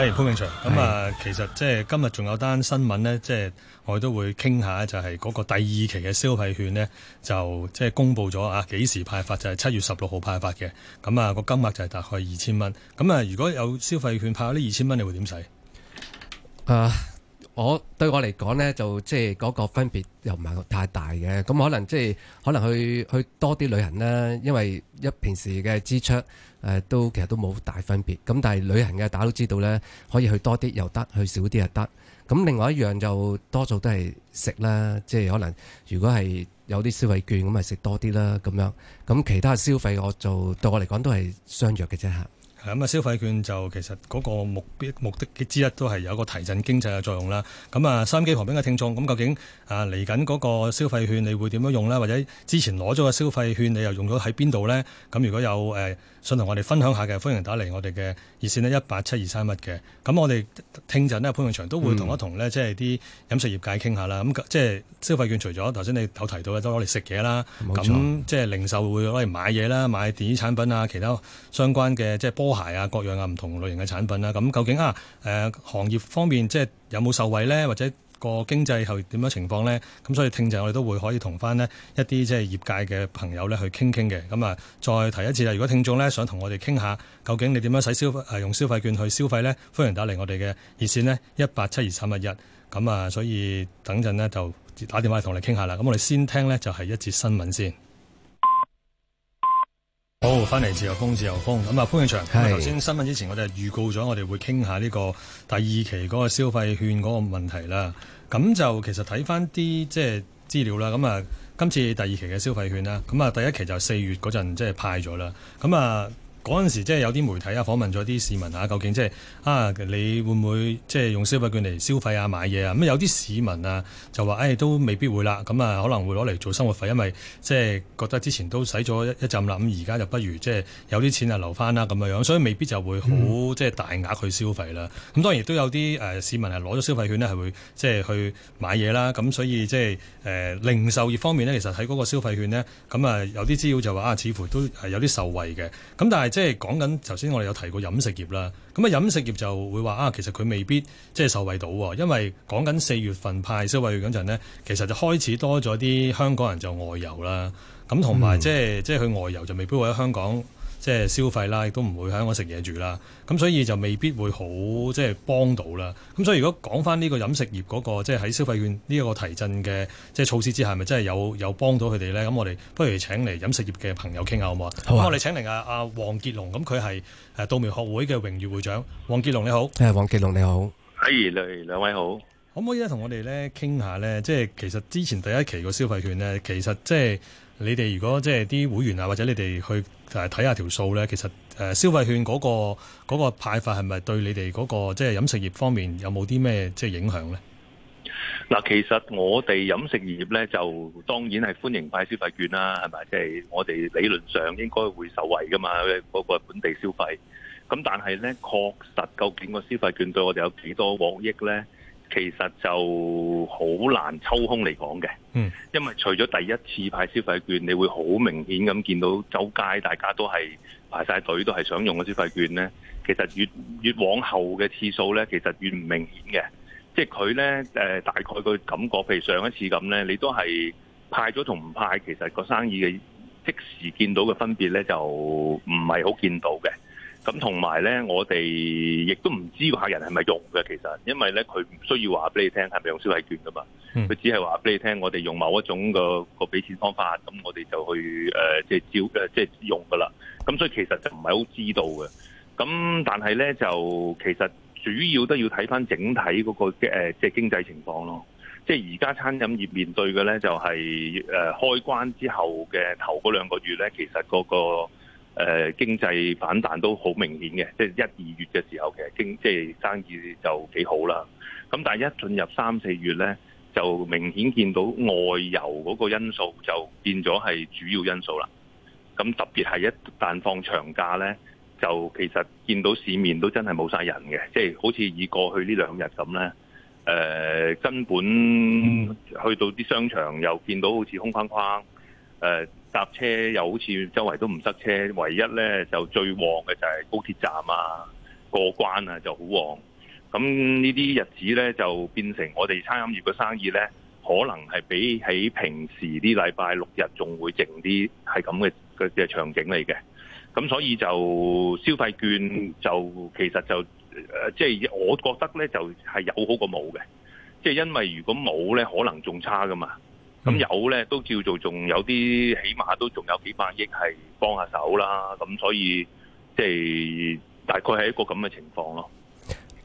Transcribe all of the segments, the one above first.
係、哎、潘永祥、嗯，咁啊，其實即係今日仲有單新聞咧，即係我哋都會傾下，就係、是、嗰、那個第二期嘅消費券咧，就即係公佈咗啊，幾時派發就係、是、七月十六號派發嘅，咁、嗯、啊、那個金額就係大概二千蚊，咁、嗯、啊如果有消費券派呢二千蚊，你會點使啊？Uh. 我對我嚟講呢，就即係嗰個分別又唔係太大嘅，咁可能即係可能去去多啲旅行呢，因為一平時嘅支出誒都其實都冇大分別。咁但係旅行嘅大家都知道呢，可以去多啲又得，去少啲又得。咁另外一樣就多數都係食啦，即係可能如果係有啲消費券咁咪食多啲啦咁樣。咁其他消費我就對我嚟講都係相若嘅啫吓。咁啊，消費券就其實嗰個目標目的之一都係有個提振經濟嘅作用啦。咁啊，收音機旁邊嘅聽眾，咁究竟啊嚟緊嗰個消費券你會點樣用咧？或者之前攞咗個消費券你又用咗喺邊度咧？咁如果有誒想同我哋分享下嘅，歡迎打嚟我哋嘅熱線呢一八七二三一嘅。咁我哋聽陣呢，潘永祥都會同一同咧即係啲飲食業界傾下啦。咁、嗯、即係消費券除咗頭先你有提到嘅，都攞嚟食嘢啦，咁即係零售會攞嚟買嘢啦，買電子產品啊，其他相關嘅即係拖鞋啊，各樣啊，唔同類型嘅產品啦，咁究竟啊，誒、呃，行業方面即係有冇受惠呢？或者個經濟係點樣情況呢？咁所以聽者我哋都會可以同返呢一啲即係業界嘅朋友呢去傾傾嘅。咁啊，再提一次啊，如果聽眾呢想同我哋傾下究竟你點樣使消誒、呃、用消費券去消費呢？歡迎打嚟我哋嘅熱線呢，一八七二三八一。咁啊，所以等陣呢，就打電話嚟同你傾下啦。咁我哋先聽呢，就係、是、一節新聞先。好，翻嚟自由風，自由風。咁啊，潘永祥，咁啊，頭先新聞之前，我哋預告咗，我哋會傾下呢個第二期嗰個消費券嗰個問題啦。咁就其實睇翻啲即係資料啦。咁啊，今次第二期嘅消費券啦，咁啊，第一期就四月嗰陣即係派咗啦。咁啊。嗰陣時，即係有啲媒體啊訪問咗啲市民啊，究竟即係啊，你會唔會即係用消費券嚟消費啊買嘢啊？咁有啲市民啊就話，唉、哎，都未必會啦。咁啊，可能會攞嚟做生活費，因為即係覺得之前都使咗一一陣啦。咁而家就不如即係有啲錢啊留翻啦咁嘅樣，所以未必就會好即係大額去消費啦。咁當然亦都有啲誒市民係攞咗消費券呢，係會即係去買嘢啦。咁所以即係誒零售業方面呢，其實喺嗰個消費券呢，咁啊有啲資料就話啊，似乎都係有啲受惠嘅。咁但係即係講緊頭先，我哋有提過飲食業啦。咁啊，飲食業就會話啊，其實佢未必即係受惠到喎，因為講緊四月份派消費券嗰陣咧，其實就開始多咗啲香港人就外遊啦。咁同埋即係即係去外遊就未必會喺香港。即、消費啦，亦都唔會喺香港食嘢住啦。咁所以就未必會好，即、幫到啦。咁所以如果講翻呢個飲食業嗰個，即係喺消費券呢一個提振嘅即係措施之下，係咪真係有有幫到佢哋咧？咁我哋不如請嚟飲食業嘅朋友傾下好唔好啊？咁我哋請嚟阿阿黃傑龍，咁佢係誒稻苗學會嘅榮譽會長。黃傑龍你好，係黃傑龍你好，係、哎、兩兩位好。可唔可以咧同我哋咧傾下咧？即係其實之前第一期個消費券咧，其實即、。你哋如果即係啲會員啊，或者你哋去睇下條數咧，其實消費券嗰個嗰個派發係咪對你哋嗰個即係飲食業方面有冇啲咩即係影響咧？嗱，其實我哋飲食業咧就當然係歡迎派消費券啦，係咪？即係我哋理論上應該會受惠噶嘛，嗰個本地消費，咁但係咧，確實究竟個消費券對我哋有幾多獲益咧？其實就好難抽空嚟講嘅。嗯，因為除咗第一次派消費券，你會好明顯咁見到周街大家都係排晒隊，都係想用個消費券呢。其實越越往後嘅次數呢，其實越唔明顯嘅。即係佢呢、呃，大概個感覺，譬如上一次咁呢，你都係派咗同唔派，其實個生意嘅即時見到嘅分別呢，就唔係好見到嘅。咁同埋咧，我哋亦都唔知客人係咪用嘅，其實，因為咧佢唔需要話俾你聽係咪用消費券噶嘛，佢、嗯、只係話俾你聽，我哋用某一種個個俾錢方法，咁我哋就去誒即係照即係、就是、用噶啦。咁所以其實就唔係好知道嘅。咁但係咧就其實主要都要睇翻整體嗰、那個即係、呃就是、經濟情況咯。即係而家餐飲業面對嘅咧就係、是、誒、呃、開關之後嘅頭嗰兩個月咧，其實嗰、那個。誒經濟反彈都好明顯嘅，即係一、二月嘅時候其實經即係、就是、生意就幾好啦。咁但係一進入三四月呢，就明顯見到外遊嗰個因素就變咗係主要因素啦。咁特別係一旦放長假呢，就其實見到市面都真係冇晒人嘅，即、就、係、是、好似以過去呢兩日咁呢，誒、呃、根本去到啲商場又見到好似空框框。誒搭車又好似周圍都唔塞車，唯一呢就最旺嘅就係高鐵站啊、過關啊就好旺。咁呢啲日子呢，就變成我哋餐飲業嘅生意呢，可能係比起平時啲禮拜六日仲會靜啲，係咁嘅嘅場景嚟嘅。咁所以就消費券就其實就即係、呃就是、我覺得呢，就係、是、有好過冇嘅，即、就、係、是、因為如果冇呢，可能仲差噶嘛。咁有咧，都叫做仲有啲，起碼都仲有幾百億係幫下手啦。咁所以即係大概係一個咁嘅情況咯。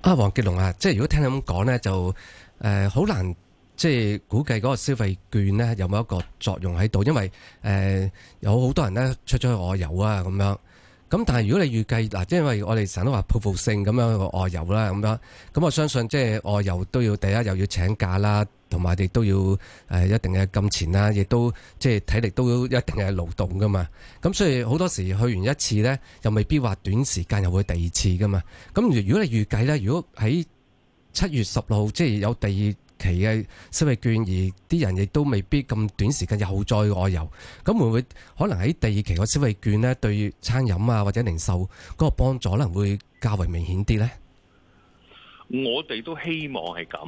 啊，黃傑龍啊，即係如果聽你咁講咧，就誒好、呃、難即係估計嗰個消費券咧有冇一個作用喺度，因為誒、呃、有好多人咧出咗去外遊啊咁樣。咁但係如果你預計嗱，即係因為我哋成日都話報復性咁樣外遊啦，咁樣咁我相信即係外遊都要第一又要請假啦，同埋哋都要誒一定嘅金錢啦，亦都即係體力都要一定嘅勞動噶嘛。咁所以好多時去完一次呢，又未必話短時間又會第二次噶嘛。咁如如果你預計呢，如果喺七月十六號即係有第二期嘅消費券，而啲人亦都未必咁短時間又再外遊，咁會唔會可能喺第二期個消費券咧對於餐飲啊或者零售嗰個幫助可能會較為明顯啲呢？我哋都希望係咁，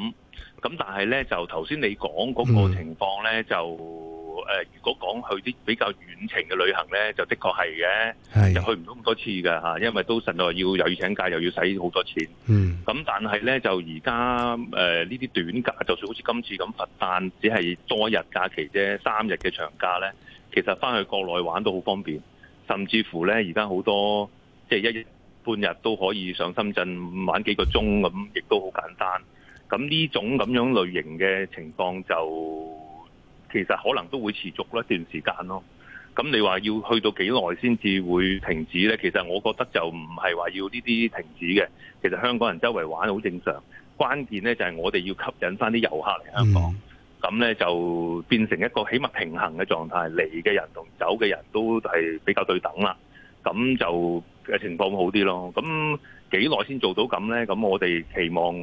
咁但係呢，就頭先你講嗰個情況呢，嗯、就誒、呃、如果講去啲比較遠程嘅旅行呢，就的確係嘅，又去唔到咁多次㗎嚇，因為都實在要又要請假又要使好多錢。嗯，咁但係呢，就而家誒呢啲短假，就算好似今次咁，佛誕只係多一日假期啫，三日嘅長假呢，其實翻去國內玩都好方便，甚至乎呢，而家好多即係一日。半日都可以上深圳玩幾個鐘，咁，亦都好簡單。咁呢種咁樣類型嘅情況就其實可能都會持續一段時間咯。咁你話要去到幾耐先至會停止咧？其實我覺得就唔係話要呢啲停止嘅。其實香港人周圍玩好正常，關鍵咧就係我哋要吸引翻啲遊客嚟香港。咁、嗯、咧就變成一個起碼平衡嘅狀態，嚟嘅人同走嘅人都係比較對等啦。咁就。嘅情況好啲咯，咁幾耐先做到咁呢？咁我哋期望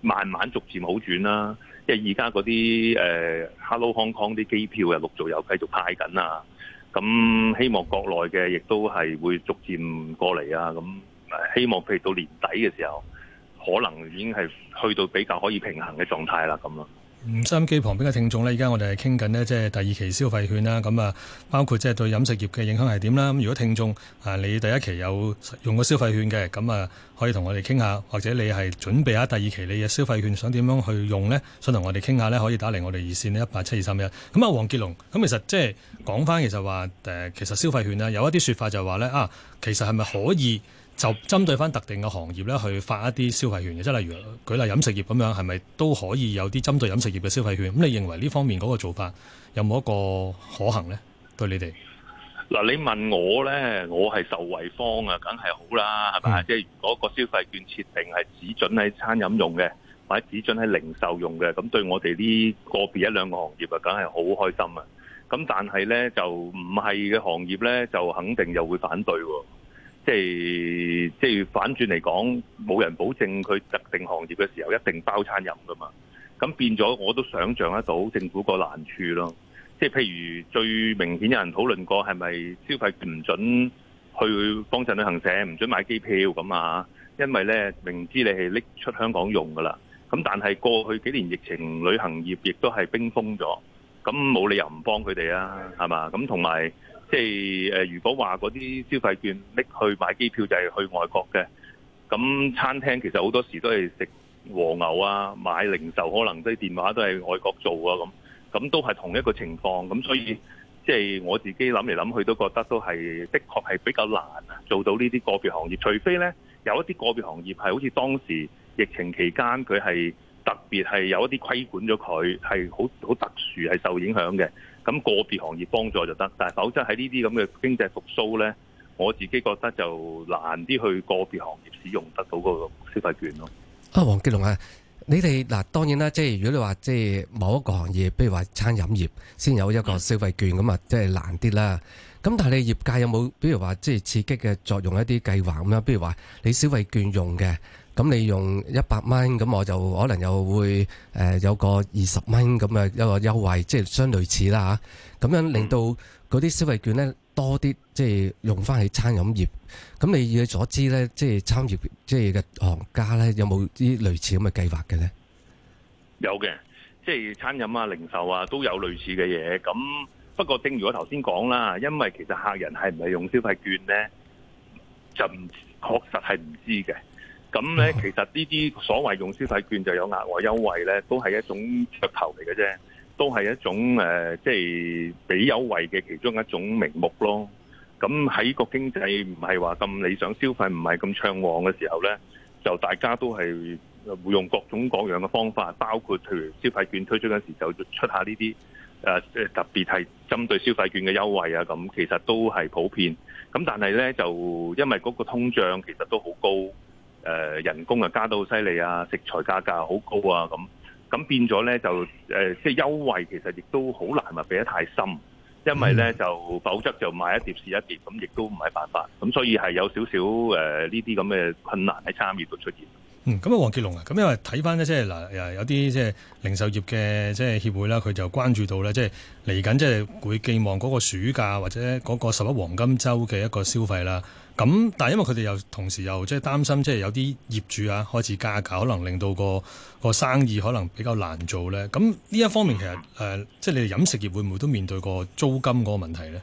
慢慢逐漸好轉啦、啊。即係而家嗰啲誒 Hello Hong Kong 啲機票呀，陸續又繼續派緊啊。咁希望國內嘅亦都係會逐漸過嚟啊。咁希望譬如到年底嘅時候，可能已經係去到比較可以平衡嘅狀態啦。咁咯。唔收音機旁邊嘅聽眾呢，依家我哋係傾緊呢，即係第二期消費券啦。咁啊，包括即係對飲食業嘅影響係點啦。咁如果聽眾啊，你第一期有用過消費券嘅，咁啊，可以同我哋傾下，或者你係準備下第二期你嘅消費券，想點樣去用呢？想同我哋傾下呢，可以打嚟我哋熱線呢，一八七二三一。咁啊，黃傑龍，咁其實即係講翻，其實話誒，其實消費券啊，有一啲說法就係話呢，啊，其實係咪可以？就針對返特定嘅行業咧，去發一啲消費券嘅，即係例如舉例飲食業咁樣，係咪都可以有啲針對飲食業嘅消費券？咁你認為呢方面嗰個做法有冇一個可行呢？對你哋嗱，你問我呢，我係受惠方啊，梗係好啦，係咪？即、嗯、係如果個消費券設定係只准喺餐飲用嘅，或者只准喺零售用嘅，咁對我哋呢個別一兩個行業啊，梗係好開心啊！咁但係呢，就唔係嘅行業呢，就肯定又會反對喎。即係即係反轉嚟講，冇人保證佢特定行業嘅時候一定包餐飲㗎嘛。咁變咗我都想像得到政府個難處咯。即係譬如最明顯有人討論過，係咪消費唔準去幫襯旅行社，唔準買機票咁啊？因為呢，明知你係拎出香港用㗎啦。咁但係過去幾年疫情，旅行業亦都係冰封咗。咁冇理由唔幫佢哋啊？係嘛？咁同埋。即係誒，如果話嗰啲消費券拎去買機票就係去外國嘅，咁餐廳其實好多時都係食和牛啊，買零售可能啲電話都係外國做啊，咁咁都係同一個情況，咁所以即係我自己諗嚟諗去都覺得都係的確係比較難做到呢啲個別行業，除非呢有一啲個別行業係好似當時疫情期間佢係特別係有一啲規管咗佢係好好特殊係受影響嘅。咁個別行業幫助就得，但係否則喺呢啲咁嘅經濟復甦呢，我自己覺得就難啲去個別行業使用得到個消費券咯。啊，黃傑龍啊，你哋嗱當然啦，即係如果你話即係某一個行業，比如話餐飲業先有一個消費券咁啊，即係難啲啦。咁但係你業界有冇，比如話即係刺激嘅作用一啲計劃咁咧？比如話你消費券用嘅。咁你用一百蚊，咁我就可能又會誒有個二十蚊咁啊，有個優惠，即係相類似啦嚇。咁樣令到嗰啲消費券咧多啲，即係用翻喺餐飲業。咁你以你所知咧，即係餐業即係嘅行家咧，有冇啲類似咁嘅計劃嘅咧？有嘅，即係餐飲啊、零售啊都有類似嘅嘢。咁不過，正如我頭先講啦，因為其實客人係唔係用消費券咧，就唔，確實係唔知嘅。咁咧，其實呢啲所謂用消費券就有額外優惠咧，都係一種噱頭嚟嘅啫，都係一種誒，即係俾優惠嘅其中一種名目咯。咁喺個經濟唔係話咁理想、消費唔係咁暢旺嘅時候咧，就大家都係會用各種各樣嘅方法，包括譬如消費券推出嗰時就出下呢啲誒特別係針對消費券嘅優惠啊。咁其實都係普遍。咁但係咧，就因為嗰個通脹其實都好高。呃、人工啊加到犀利啊，食材價格好高啊，咁咁變咗咧就即係、呃、優惠，其實亦都好難話俾得太深，因為咧就否則就買一碟試一碟，咁亦都唔係辦法，咁所以係有少少呢啲咁嘅困難喺餐業度出現。嗯，咁啊，黃傑龍啊，咁因為睇翻咧，即係嗱有啲即係零售業嘅即係協會啦，佢就關注到咧，即係嚟緊即係會寄望嗰個暑假或者嗰個十一黃金週嘅一個消費啦。咁，但係因為佢哋又同時又即係擔心，即係有啲業主啊開始加價，可能令到個個生意可能比較難做咧。咁呢一方面，其實誒、呃，即係你飲食業會唔會都面對過租金嗰個問題咧？誒、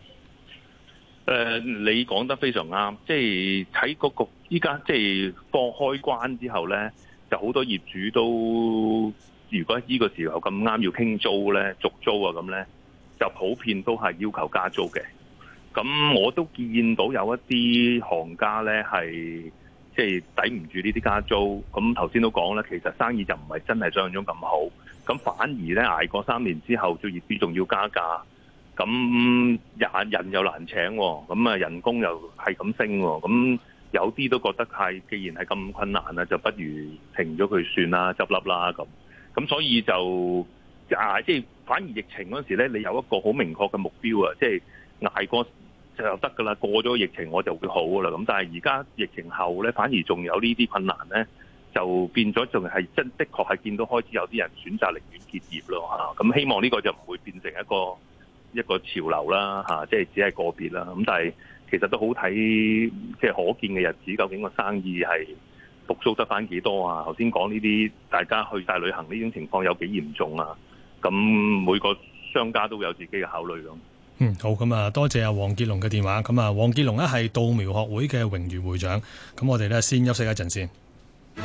呃，你講得非常啱，即係喺個個依家即係放開關之後咧，就好多業主都如果呢個時候咁啱要傾租咧續租啊咁咧，就普遍都係要求加租嘅。咁我都見到有一啲行家呢，係即係抵唔住呢啲加租。咁頭先都講啦，其實生意就唔係真係想像中咁好。咁反而呢，捱過三年之後，做業主仲要加價。咁人人又難請，咁啊人工又係咁升。咁有啲都覺得係，既然係咁困難咧，就不如停咗佢算啦，執笠啦咁。咁所以就即係反而疫情嗰時呢，你有一個好明確嘅目標啊，即係捱過。就得噶啦，過咗疫情我就會好噶啦。咁但係而家疫情後咧，反而仲有呢啲困難咧，就變咗仲係真的確係見到開始有啲人選擇寧願結業咯嚇。咁、啊嗯、希望呢個就唔會變成一個一個潮流啦，即係、啊就是、只係個別啦。咁、嗯、但係其實都好睇，即、就、係、是、可見嘅日子究竟個生意係復甦得翻幾多啊？頭先講呢啲大家去晒旅行呢種情況有幾嚴重啊？咁、啊嗯、每個商家都有自己嘅考慮嗯，好，咁啊，多謝阿黃傑龍嘅電話，咁啊，黃傑龍咧係稻苗學會嘅榮譽會長，咁我哋咧先休息一陣先。